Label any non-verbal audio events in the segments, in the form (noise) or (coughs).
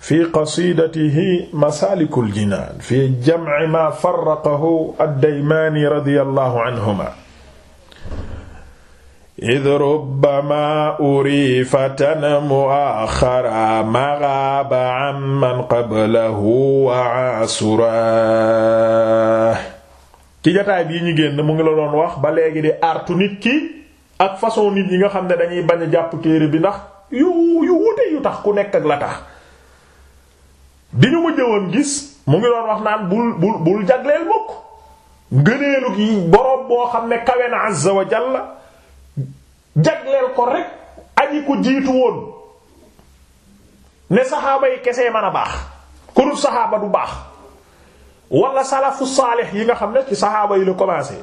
fi qasidatihi masaalikul jinaan fi jamci maa farraqahu ad-Daymaani radiyallahu anhumaa id rubbama urifatan muaxara maxaaba an man qablahu wa asura ci jataay bii ñu génn mu ngi la doon wax ba léegi di artu nit ak façon nit yi nga xam ne dañuy bañ a jàpp téere bi ndax yu yu wute yu tax ku nekk ak la tax di ñu mujj woon gis mu ngi doon wax naan bul bul bul jagleel mukk ngëneelu gi boroom boo xam ne kawe na azza wa jalla jagleel ko rek aji ko jiitu woon ne saxaaba yi kese mën a baax ku dul saxaaba du baax wala salafu saalix yi nga xam ne ci saxaaba yi la commencé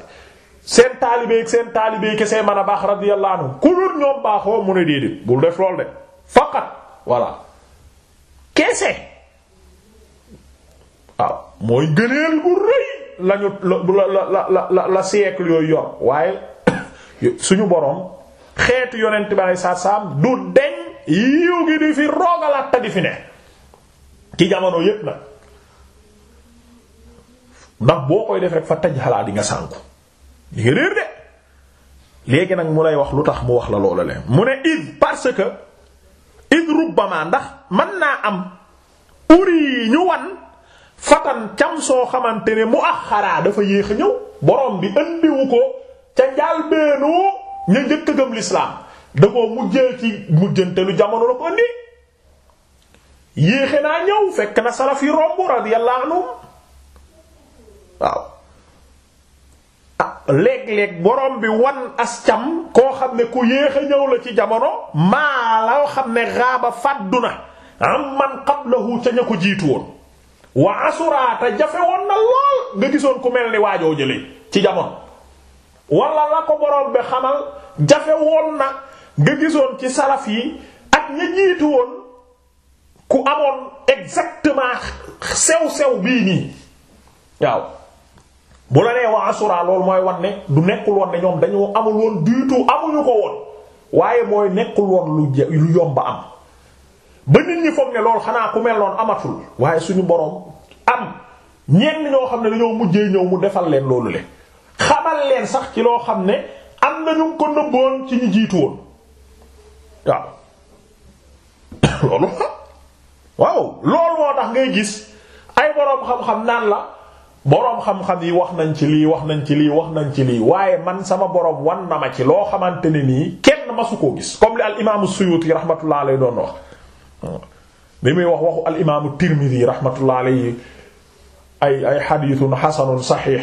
seen taalibe ak seen taalibe yi kese man a baax radiyallahu anhu ku dul ñoom baaxoo mu ne déedéet bul def lool de faqat voilà kese. mooy gëneel bu rëy lañu la la la la la siècle yor waaye (coughs) suñu boroom xeetu yonent bi saa du deñ yiw gi di fi roogalaat di fi ne ci jamono yépp nag ndax boo koy def rek fa taj xalaat di nga sànku di nga de léegi nag mu lay wax lu tax mu wax la loola leen mu ne id parce que id rubbama ndax man naa am uri ñu wan fatan cam soo xamante ne mu ak xaraa dafa yéex a ñëw borom bi andiwu ko ca njaal beenu ña njëkk gëm lislaam da koo mujjee ci mujjantelu jamono la ko andi yéexe naa ñëw fekk na salaf yi romb radiyallahu anhum waaw ah léeg borom bi wan as cam koo xam ne ku yéexe ñëw la ci jamono maa la xam ne raaba fàddu na am man qablahu ca ña ko jiitu woon wa asuraata jafe woon na lool nga gisoon ku mel ni waajoo jëlee ci jamono wala la ko borom bi xamal jafe woon na nga gisoon ci salaf yi ak ña jiitu woon ku amoon exactement sew sew bii nii waaw bu la nee wa asura loolu mooy wan ne du nekkul woon ne ñoom dañoo amul woon du tout amuñu ko woon waaye mooy nekkul woon lu yomba am. ba nit ñi foog ne loolu xanaa ku mel noonu amatul waaye suñu boroom am ñenn ñoo xam ne dañoo mujjee ñëw mu defal leen loolu le xamal leen sax ci loo xam ne am na ñu ko nëbboon ci ñu jiitu woon waaw (coughs) loolu waaw loolu moo tax ngay gis ay boroom xam-xam naan la boroom xam-xam yi wax nañ ci lii wax nañ ci lii wax nañ ci lii waaye man sama boroom wan na ma ci loo xamante ne nii kenn masu koo gis comme li al imaamu Suyuti rahmatullah lay doon wax. bi muy wax waxu al imaamu Tirmidhi ay ay xadiisun xasanun saxiix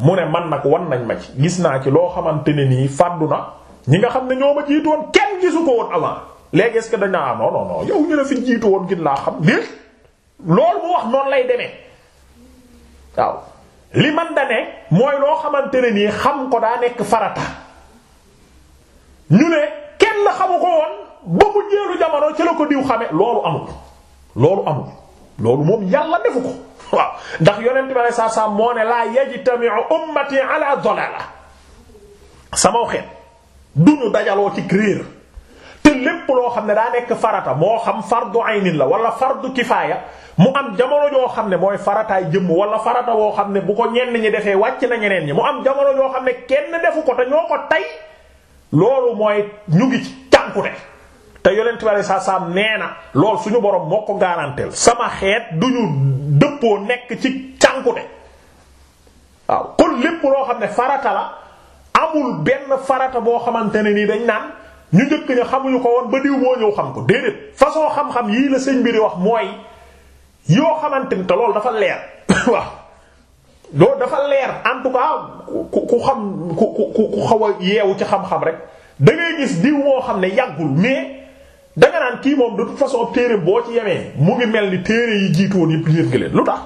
mu ne man nag wan nañ ma ci gis naa ci loo xamante ne nii fàddu ñi nga xam ne ñoo ma jiitu kenn gisu ko woon avant léegi est-ce que dañ naa yow ñu la fi jiitu woon gin laa xam déet loolu mu wax noonu lay demee waaw li man da mooy loo xamante ne nii xam ko daa nekk farata ñu ne kenn xamu ko woon. ba mu jeelu jamono ci la ko diw xame loolu amul loolu amul loolu moom yàlla defu ko (laughs) waaw ndax yonent bi saa saa moo ne laa yajtami'u ummati ala dalala sama xeet du ñu dajaloo ci réer te lépp loo xam ne daa nekk farata moo xam fardu aynin la wala fardu kifaaya mu am jamono joo xam ne mooy farataay jëmm wala farata woo xam ne bu ko ñenn ñi defee wàcc na ñeneen ñi mu am jamono joo xam ne kenn defu ko te ñoo ko tey loolu mooy ñu ngi ci cànkute te yonent bi saa saa nee na lool suñu borom moo ko garanteel sama xeet duñu dëppoo nekk ci cànkute waaw kon lépp loo xam ne farata la amul benn farata boo xamante ne nii dañ naan ñu njëkk ñu xamuñu ko woon ba diw moo ñëw xam ko déedéet façon xam-xam yii la sëñ bi di wax mooy yoo xamante ni te lool dafa leer (coughs) waaw loolu dafa leer en tout cas ku ku xam ku ku ku yeewu ci xam-xam rek da ngay gis diw moo xam ne yàggul mais. danga naan kii moom de toute façon téere boo ci yemee mu ngi mel ni téere yi jiitu woon yëpp liir nga leen lu tax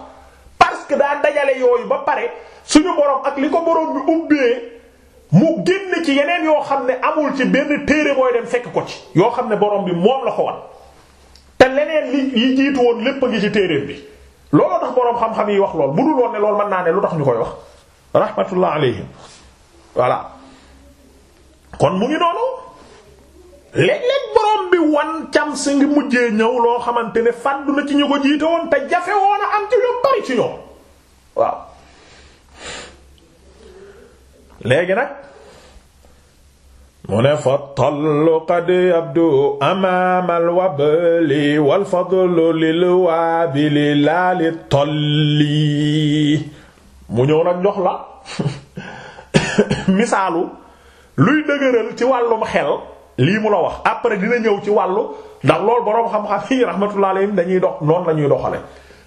parce que daa dajale yooyu ba pare suñu borom ak li ko borom bi ubbee mu génn ci yeneen yoo xam ne amul ci benn téere booy dem fekk ko ci yoo xam ne boroom bi moom la ko wan te leneen li yi jiitu woon lépp a ngi ci téereem bi looloo tax borom xam-xam yi wax lool bu dul woon ne lool mën naa ne lu tax ñu koy wax rahmatullah alayhim voilà léeg-léeg borom bi wan cam ngi mujjee ñëw loo xamante ne fàddu na ci ñu ko jiite woon te jafe woon a am ci ñu bari ci ñoom waaw léegi nag mu ne fa tallu qad yabdu amaamal wabli wal fadlu lil waabili laa li tolli mu ñëw nag jox la (coughs) misaalu luy dëgëral ci wàllum xel lii mu la wax après dina ñëw ci wàllu ndax loolu boroom xam-xam yi rahmatullah dañuy dox noonu la ñuy doxale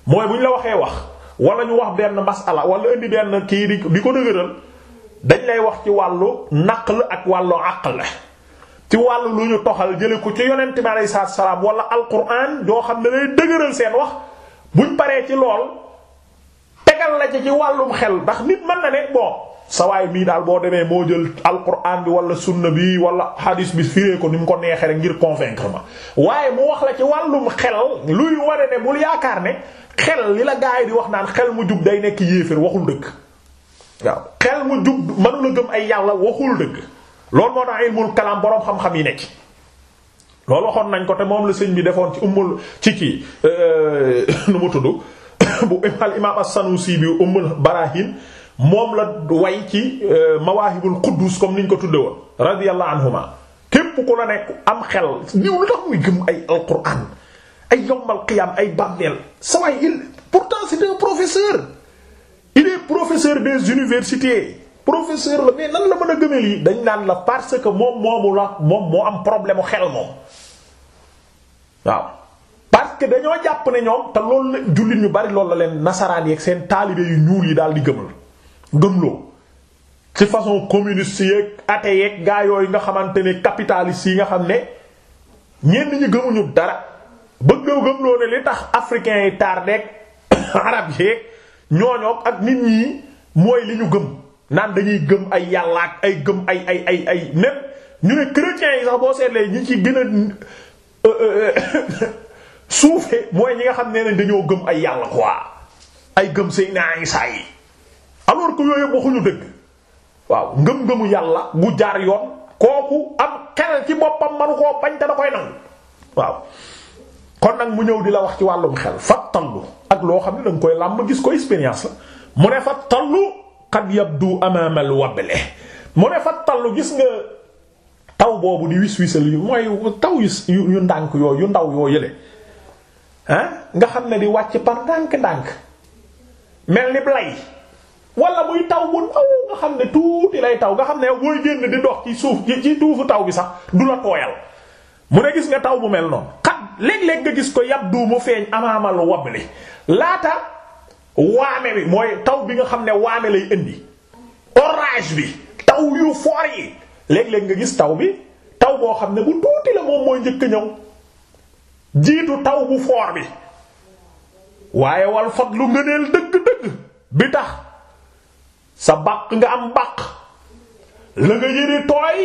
mooy bu ñu la waxee wax wala ñu wax benn masala wala indi benn kii di di ko dëgëral dañ lay wax ci wàllu naql ak wàllu aql ci wàllu lu ñu toxal jële ko ci yonent bi alayhi salaatu salaam wala alquran joo xam ne lay dëgëral seen wax buñ paree ci lool tegal na ci ci wàllum xel ndax nit mën na ne bon. sawaay mii daal boo demee moo jël alquran bi wala sunna bi wala hadis bi firee ko ni mu ko neexee rek ngir convaincre ma waaye mu wax la ci wàllum xel luy ware ne bul yaakaar ne xel li la gaay di wax naan xel mu jub day nekk yéefér waxul dëkk waaw xel mu jub mënula gëm ay yàlla waxul dëgg loolu moo tax ilmul kalam boroom xam-xam yi nekk loolu waxoon nañ ko te moom la sëñ bi defoon ci ummul ci kii euh, (coughs) nu mu tudd (coughs) bu (coughs) al imam as-Sanusi bi ummul barahin moom la way ci euh, mawaahibul quddus comme niñ ko tudde woon radiyallahu anhuma képp ku la nekk am xel diw lu tax muy gëm ay alquran ay yawmal qiyaam ay bàmmeel sa waay il pourtant c'est un professeur il professeur des universités professeur la mais nan la mën a gëmee yi dañ naan la parce que moom moomu la moom moo am problème xel moom waaw parce que dañoo jàpp ne ñoom te loolu la jullit ñu bari loolu la leen nasaraan yeeg seen taalibe yu ñuul yi daal di gëmal gëmloo ci façon communiste yeeg athée yeeg gaa yooyu nga xamante ne capitaliste yi nga xam ne ñenn ñi gëmuñu dara bëgg nga gëmloo ne li tax africains yi tardé (coughs) arab yeeg ñooñoo ak nit ñi mooy li ñu gëm naan dañuy gëm ay yàlla ak ay gëm ay ay ay ay ñu ne chrétiens yi sax boo seetlee ñi ci gën a euh, euh, (coughs) suufee mooy ñi nga xam ne dañoo gëm ay yàlla quoi ay gëm Seydina Isa yi. alors que yooyu waxuñu dëgg waaw ngëm-ngëmu yàlla bu jaar yoon kooku am xel ci boppam manu koo bañ te da koy nangu waaw kon nag mu ñëw di la wax ci wàllum xel fa tallu ak loo xam ne danga koy làmb gis ko expérience mu ne fa tallu qad yabdu amama al wable mu gis nga taw boobu di wis wisal yu taw yu ndànk yooyu yu ndaw yoo yële nga xam ne di wàcc par ndànk-ndànk mel ni blay wala muy taw bu nga xam ne tuuti lay taw nga xam ne booy génn di dox ci suuf ci tuufu taw bi sax du la tooyal mu ne gis nga taw bu mel noonu xat nga gis ko yab du mu feeñ amaamal wabli laata waame bi mooy taw bi nga xam ne waame lay indi orage bi taw yu foor yi léeg-léeg nga gis taw bi taw boo xam ne bu tuuti la moom mooy njëkk ñëw jiitu taw bu foor bi waaye wal fadlu ngëneel dëgg-dëgg bi tax sa bàq nga am bàq la nga yëre tooy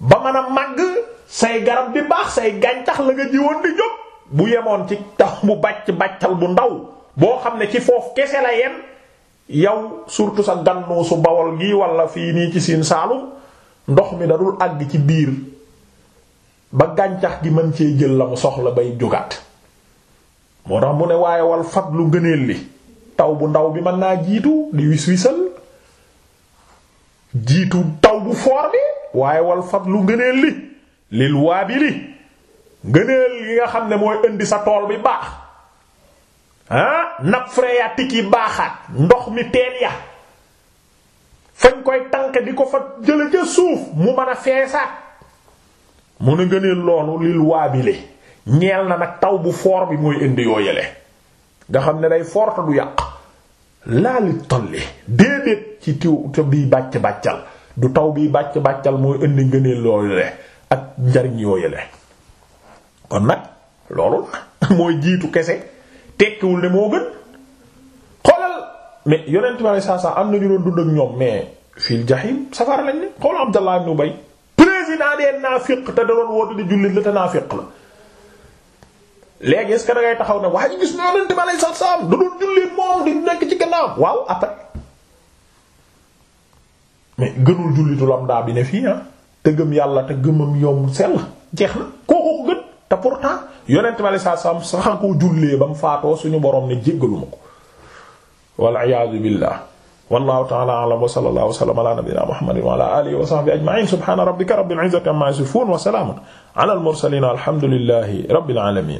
ba mën a màgg say garab bi baax say gàncax la nga jiwoon di jóg bu yemoon ci tax mu bàcc bàccal bu ndaw boo xam ne ci foofu kese la yem yow surtout sa gannoo su bawol gi walla fii nii ci siin saalum ndox mi da dul àgg ci biir ba gàncax gi mën cee jël la mu soxla bay jógaat moo tax mu ne waaye wal lu ngëneel li taw bu ndaw bi mën naa jiitu di wis wisal jiitu taw bu foor bi waaye wal fadlu ngëneel li lil waabili ngëneel yi nga xam ne mooy indi sa tool bi baax nag ah nap phréatique yi baaxaat ndox mi teen ya fañ koy tànk di ko fa jële ca suuf mu mën a feesaat mu ne ngëneel loolu lil waabili ñeel na nag taw bu foor bi mooy indi yoo yele nga xam ne day forta du yàq laali tolli déedéet ci tiw te bii bàcc bàccal du taw bii bàcc bàccal mooy indi ngëneel loolu le ak njariñ yooyu le kon nag loolu (laughs) mooy jiitu kese tekkiwul ne moo gën xoolal mais yonent bi saa saa am na ñu doon dund ak ñoom mais fil jahim safara lañ ne xoolal Abdallah ibn Ubay président des naafiq te da doon woote di jullit la te naafiq la léegi est-ce que da ngay taxaw ne waa ji gis na yonent bi alayhi salaatu du doon julli moom di nekk ci gannaaw waaw après mais bi ne fii ah te gëm yàlla te gëmam yomb sell jeex na kooku ko gën pour pourtant yonent bi alayhi salaatu salaam sax koo jullee ba mu faatoo suñu borom ne jéggaluma ko wal iyaadu billah wallahu ta'ala a'lam wa sallallahu wa sallama ala nabiyyina muhammadin wa ala alihi wa sahbihi ajma'in subhana rabbika ala al mursalin alhamdulillahi rabbil alamin